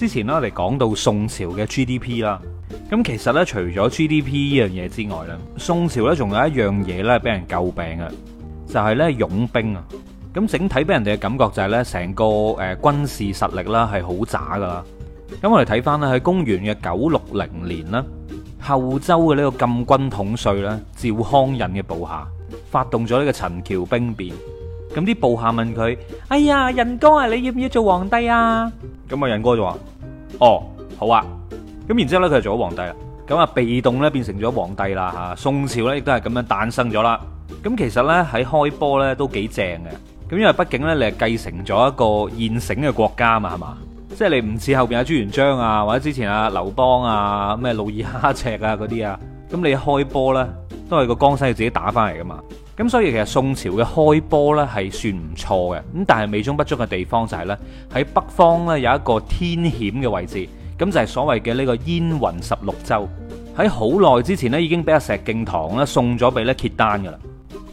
之前咧，我哋講到宋朝嘅 GDP 啦，咁其實呢，除咗 GDP 呢樣嘢之外呢，宋朝呢仲有一樣嘢呢俾人詬病嘅，就係呢冗兵啊，咁整體俾人哋嘅感覺就係呢，成個誒軍事實力啦係好渣噶啦，咁我哋睇翻呢，喺公元嘅九六零年啦，後周嘅呢個禁軍統帥呢，趙匡胤嘅部下發動咗呢個陳橋兵變，咁啲部下問佢：哎呀，仁哥啊，你要唔要做皇帝啊？咁啊，仁哥就話，哦好啊，咁然之後呢，佢就做咗皇帝啦。咁啊，被動呢變成咗皇帝啦吓，宋朝呢，亦都係咁樣誕生咗啦。咁其實呢，喺開波呢都幾正嘅。咁因為畢竟呢，你係繼承咗一個現成嘅國家嘛，係嘛，即係你唔似後邊阿朱元璋啊，或者之前阿劉邦啊，咩努爾哈赤啊嗰啲啊，咁你開波呢，都係個江西自己打翻嚟噶嘛。咁所以其實宋朝嘅開波呢係算唔錯嘅，咁但係美中不足嘅地方就係呢，喺北方呢有一個天險嘅位置，咁就係所謂嘅呢個燕雲十六州，喺好耐之前呢，已經俾阿石敬瑭咧送咗俾呢契丹㗎喇，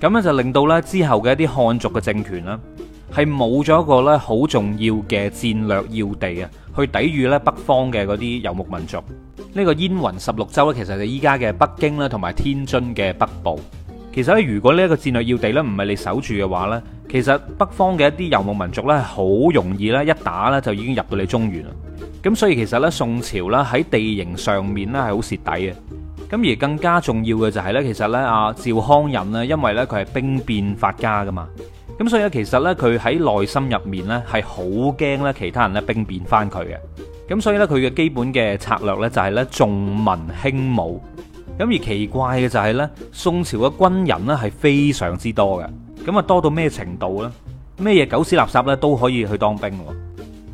咁咧就令到呢之後嘅一啲漢族嘅政權啦，係冇咗一個呢好重要嘅戰略要地啊，去抵禦呢北方嘅嗰啲遊牧民族。呢個燕雲十六州呢，其實就依家嘅北京咧同埋天津嘅北部。其實咧，如果呢一個戰略要地咧，唔係你守住嘅話呢，其實北方嘅一啲遊牧民族呢，好容易咧一打呢，就已經入到你中原啦。咁所以其實呢宋朝呢，喺地形上面呢，係好蝕底嘅。咁而更加重要嘅就係呢，其實呢，阿趙匡胤呢，因為呢，佢係兵變發家噶嘛，咁所以其實呢，佢喺內心入面呢，係好驚咧其他人咧兵變翻佢嘅。咁所以呢，佢嘅基本嘅策略呢，就係呢，重文輕武。咁而奇怪嘅就係咧，宋朝嘅軍人咧係非常之多嘅，咁啊多到咩程度咧？咩嘢狗屎垃圾咧都可以去當兵，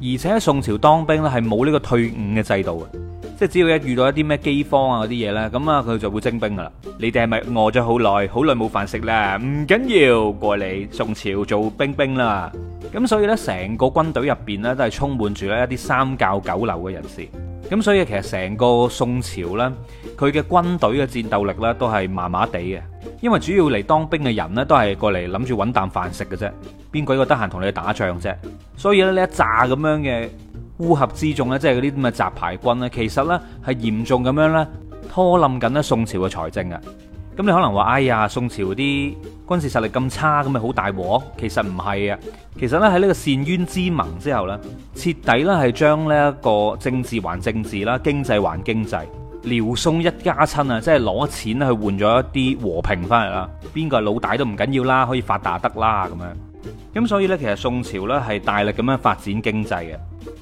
而且宋朝當兵咧係冇呢個退伍嘅制度嘅，即係只要一遇到一啲咩饑荒啊嗰啲嘢咧，咁啊佢就會徵兵噶啦。你哋係咪餓咗好耐？好耐冇飯食啦？唔緊要，過嚟宋朝做兵兵啦。咁所以咧，成個軍隊入邊咧都係充滿住咧一啲三教九流嘅人士。咁所以其實成個宋朝呢，佢嘅軍隊嘅戰鬥力呢都係麻麻地嘅，因為主要嚟當兵嘅人呢都係過嚟諗住揾啖飯食嘅啫，邊鬼個得閒同你打仗啫？所以呢一紮咁樣嘅烏合之眾呢，即係嗰啲咁嘅雜牌軍呢，其實呢係嚴重咁樣呢拖冧緊呢宋朝嘅財政。咁你可能話：哎呀，宋朝嗰啲軍事實力咁差，咁咪好大鑊？其實唔係啊。其實咧喺呢個澶淵之盟之後呢，徹底咧係將呢一個政治還政治啦，經濟還經濟。遼宋一家親啊，即係攞錢去換咗一啲和平翻嚟啦。邊個係老大都唔緊要啦，可以發達得啦咁樣。咁所以呢，其實宋朝呢係大力咁樣發展經濟嘅。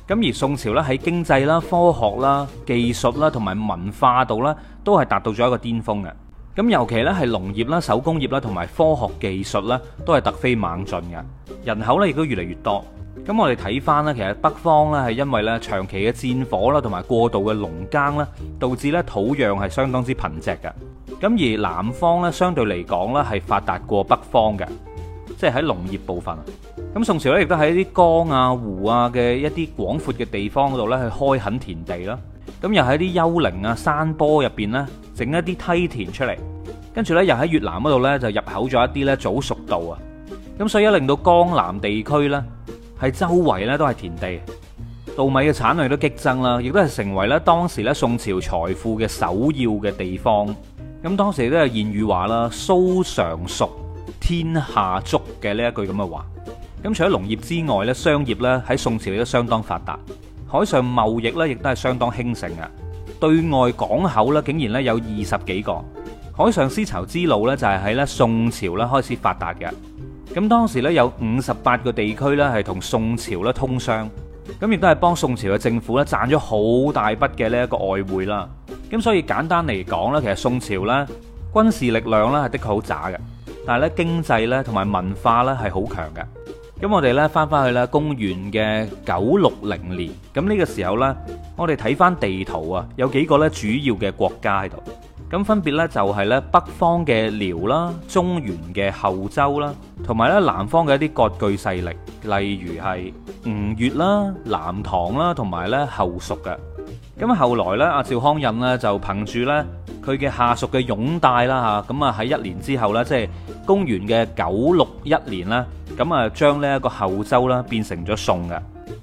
咁而宋朝呢，喺經濟啦、科學啦、技術啦同埋文化度啦，都係達到咗一個巔峰嘅。咁尤其呢係農業啦、手工業啦同埋科學技術啦都係突飛猛進嘅。人口咧亦都越嚟越多。咁我哋睇翻咧，其實北方呢係因為呢長期嘅戰火啦，同埋過度嘅農耕啦，導致呢土壤係相當之貧瘠嘅。咁而南方呢相對嚟講咧係發達過北方嘅，即係喺農業部分。咁宋朝咧亦都喺啲江啊、湖啊嘅一啲廣闊嘅地方嗰度呢去開墾田地啦。咁又喺啲丘陵啊、山坡入邊呢，整一啲梯田出嚟，跟住呢，又喺越南嗰度呢，就入口咗一啲呢早熟稻啊，咁所以一令到江南地區呢，喺周圍呢都係田地，稻米嘅產量都激增啦，亦都係成為咧當時呢宋朝財富嘅首要嘅地方。咁當時都有諺語話啦，蘇常熟，天下足嘅呢一句咁嘅話。咁除咗農業之外呢，商業呢喺宋朝亦都相當發達。海上貿易咧，亦都係相當興盛啊！對外港口咧，竟然咧有二十幾個。海上絲綢之路咧，就係喺咧宋朝咧開始發達嘅。咁當時咧有五十八個地區咧係同宋朝咧通商，咁亦都係幫宋朝嘅政府咧賺咗好大筆嘅呢一個外匯啦。咁所以簡單嚟講咧，其實宋朝咧軍事力量咧係的確好渣嘅，但係咧經濟咧同埋文化咧係好強嘅。咁我哋呢翻翻去啦，公元嘅九六零年，咁呢個時候呢，我哋睇翻地圖啊，有幾個呢主要嘅國家喺度，咁分別呢，就係呢北方嘅遼啦，中原嘅後周啦，同埋呢南方嘅一啲割據勢力，例如係吳越啦、南唐啦，同埋呢後蜀嘅。咁後來呢，阿趙匡胤呢就憑住呢佢嘅下屬嘅擁戴啦吓，咁啊喺一年之後呢，即係公元嘅九六一年啦，咁啊將呢一個後周呢變成咗宋嘅。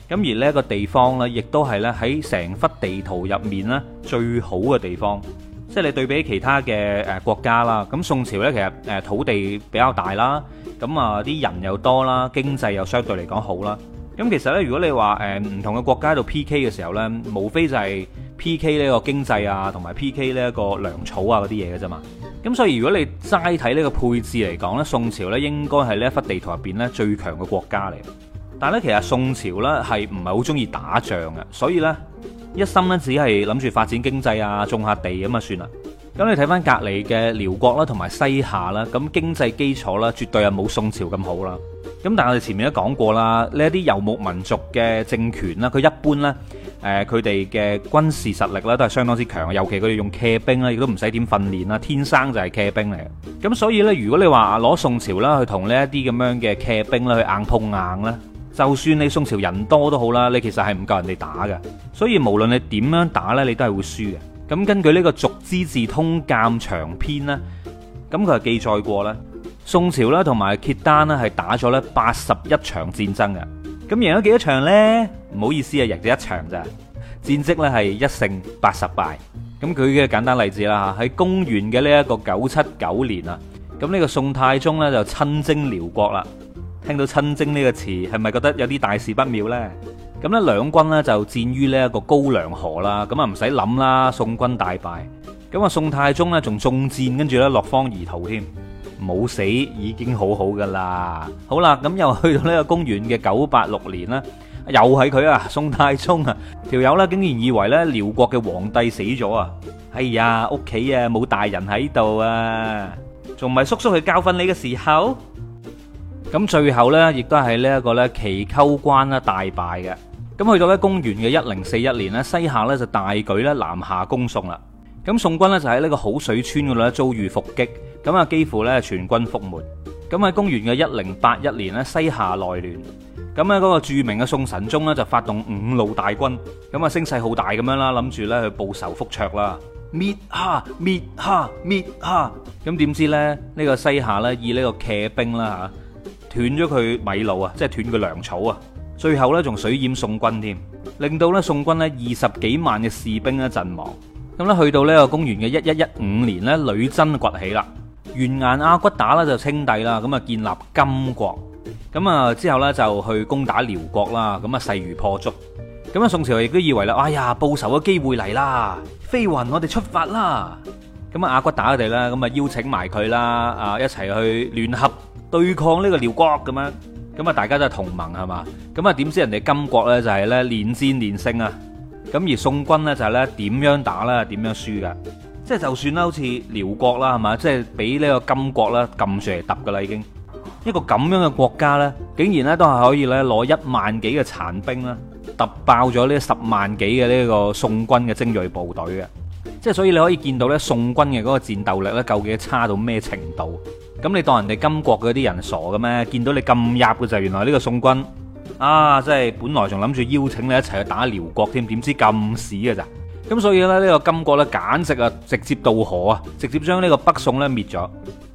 咁而呢一個地方呢，亦都係呢喺成幅地圖入面呢最好嘅地方，即係你對比其他嘅誒國家啦。咁宋朝呢其實誒土地比較大啦，咁啊啲人又多啦，經濟又相對嚟講好啦。咁其實咧，如果你話誒唔同嘅國家喺度 P K 嘅時候呢，無非就係 P K 呢個經濟啊，同埋 P K 呢一個糧草啊嗰啲嘢嘅啫嘛。咁所以如果你齋睇呢個配置嚟講呢，宋朝呢應該係呢一忽地圖入面呢最強嘅國家嚟。但係，咧，其實宋朝呢係唔係好中意打仗嘅，所以呢一心呢只係諗住發展經濟啊，種下地咁嘛。算啦。咁你睇翻隔離嘅遼國啦，同埋西夏啦，咁經濟基礎啦，絕對係冇宋朝咁好啦。咁但係我哋前面都講過啦，呢一啲遊牧民族嘅政權啦，佢一般咧，誒佢哋嘅軍事實力咧都係相當之強，尤其佢哋用騎兵啦，亦都唔使點訓練啦，天生就係騎兵嚟嘅。咁所以咧，如果你話攞宋朝啦去同呢一啲咁樣嘅騎兵啦去硬碰硬啦，就算你宋朝人多都好啦，你其實係唔夠人哋打嘅。所以無論你點樣打咧，你都係會輸嘅。咁根據呢個《續資治通鑑長編》咧，咁佢係記載過咧。宋朝啦，同埋契丹啦，係打咗咧八十一場戰爭嘅，咁贏咗幾多場呢？唔好意思啊，贏咗一場咋，戰績咧係一勝八十敗。咁舉個簡單例子啦吓，喺公元嘅呢一個九七九年啊，咁呢個宋太宗咧就親征遼國啦。聽到親征呢個詞，係咪覺得有啲大事不妙呢？咁呢兩軍呢就戰於呢一個高梁河啦，咁啊唔使諗啦，宋軍大敗。咁啊宋太宗呢仲中箭，跟住咧落荒而逃添。冇死已經好好噶啦。好啦，咁又去到呢個公元嘅九八六年啦，又係佢啊，宋太宗啊，條友咧竟然以為咧遼國嘅皇帝死咗啊，哎呀，屋企啊冇大人喺度啊，仲唔係叔叔去教訓你嘅時候？咁最後咧，亦都係呢一個咧祁溝關岐溝關咧大敗嘅。咁去到咧公元嘅一零四一年咧，西夏咧就大舉咧南下攻宋啦，咁宋軍咧就喺呢個好水村嗰度咧遭遇伏擊。咁啊，幾乎咧全軍覆沒。咁喺公元嘅一零八一年咧，西夏內亂。咁咧嗰個著名嘅宋神宗咧就發動五路大軍，咁啊聲勢好大咁樣啦，諗住咧去報仇復爵啦，滅夏、滅夏、滅夏。咁點知咧呢個西夏咧以呢個騎兵啦嚇斷咗佢米路啊，即係斷佢糧草啊。最後咧仲水淹宋軍添，令到咧宋軍咧二十幾萬嘅士兵咧陣亡。咁咧去到呢個公元嘅一一一五年咧，女真崛起啦。完顏阿骨打咧就稱帝啦，咁啊建立金國，咁啊之後咧就去攻打遼國啦，咁啊勢如破竹，咁啊宋朝亦都以為啦，哎呀報仇嘅機會嚟啦，飛雲我哋出發啦，咁啊阿骨打佢哋啦，咁啊邀請埋佢啦，啊一齊去聯合對抗呢個遼國咁樣，咁啊大家都係同盟係嘛，咁啊點知人哋金國咧就係咧連戰連勝啊，咁而宋軍咧就係咧點樣打啦，點樣輸噶？即係就算啦，好似遼國啦，係嘛？即係俾呢個金國啦撳住嚟揼噶啦，已經一個咁樣嘅國家呢，竟然呢都係可以呢攞一萬幾嘅殘兵啦，揼爆咗呢十萬幾嘅呢個宋軍嘅精銳部隊嘅。即係所以你可以見到呢宋軍嘅嗰個戰鬥力呢，究竟差到咩程度？咁你當人哋金國嗰啲人傻嘅咩？見到你咁壓嘅就係原來呢個宋軍啊！即係本來仲諗住邀請你一齊去打遼國添，點知咁屎嘅咋？咁所以咧，呢個金國呢簡直啊，直接渡河啊，直接將呢個北宋呢滅咗。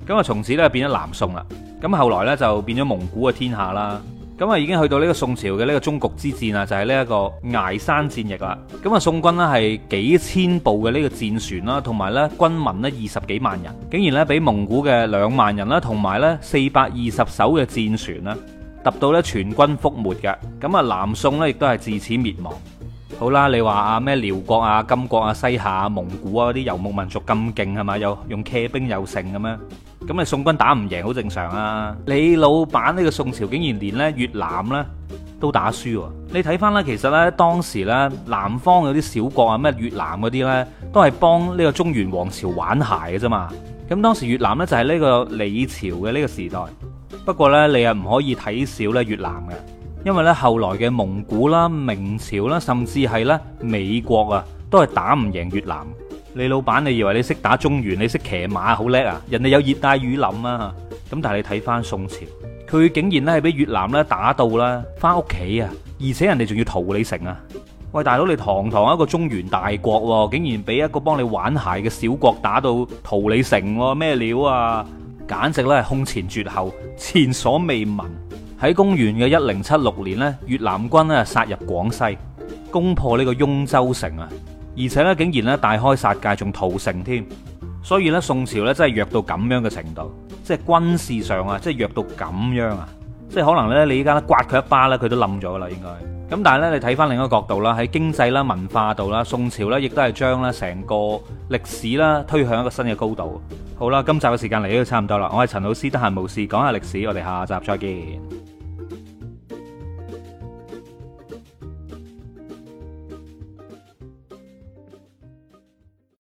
咁啊，從此呢變咗南宋啦。咁後來呢，就變咗蒙古嘅天下啦。咁啊，已經去到呢個宋朝嘅呢個終局之戰啊，就係呢一個崖山戰役啦。咁啊，宋軍呢係幾千部嘅呢個戰船啦，同埋呢軍民呢二十幾萬人，竟然呢俾蒙古嘅兩萬人啦，同埋呢四百二十艘嘅戰船啦，揼到呢全軍覆沒嘅。咁啊，南宋呢亦都係自此滅亡。好啦，你話啊咩遼國啊、金國啊、西夏啊、蒙古啊嗰啲遊牧民族咁勁係嘛？又用騎兵又勝咁樣？咁啊，宋軍打唔贏好正常啊。你老闆呢個宋朝竟然連呢越南呢都打輸喎。你睇翻啦，其實呢，當時呢南方嗰啲小國啊，咩越南嗰啲呢，都係幫呢個中原王朝玩鞋嘅啫嘛。咁當時越南呢，就係呢個李朝嘅呢個時代。不過呢，你又唔可以睇小呢越南嘅。因為咧後來嘅蒙古啦、明朝啦，甚至係咧美國啊，都係打唔贏越南。你老闆，你以為你識打中原，你識騎馬好叻啊？人哋有熱帶雨林啊，咁但係你睇翻宋朝，佢竟然咧係俾越南咧打到啦，翻屋企啊，而且人哋仲要逃你城啊！喂，大佬，你堂堂一個中原大國，竟然俾一個幫你玩鞋嘅小國打到逃你城，咩料啊？簡直咧係空前絕後，前所未聞。喺公元嘅一零七六年咧，越南軍咧殺入廣西，攻破呢個邕州城啊！而且咧竟然咧大開殺戒，仲屠城添。所以咧宋朝咧真係弱到咁樣嘅程度，即係軍事上啊，即係弱到咁樣啊！即係可能咧你依家刮佢一巴咧，佢都冧咗啦應該。咁但係咧你睇翻另一個角度啦，喺經濟啦、文化度啦，宋朝咧亦都係將咧成個歷史啦推向一個新嘅高度。好啦，今集嘅時間嚟到差唔多啦，我係陳老師，得閒無事講下歷史，我哋下集再見。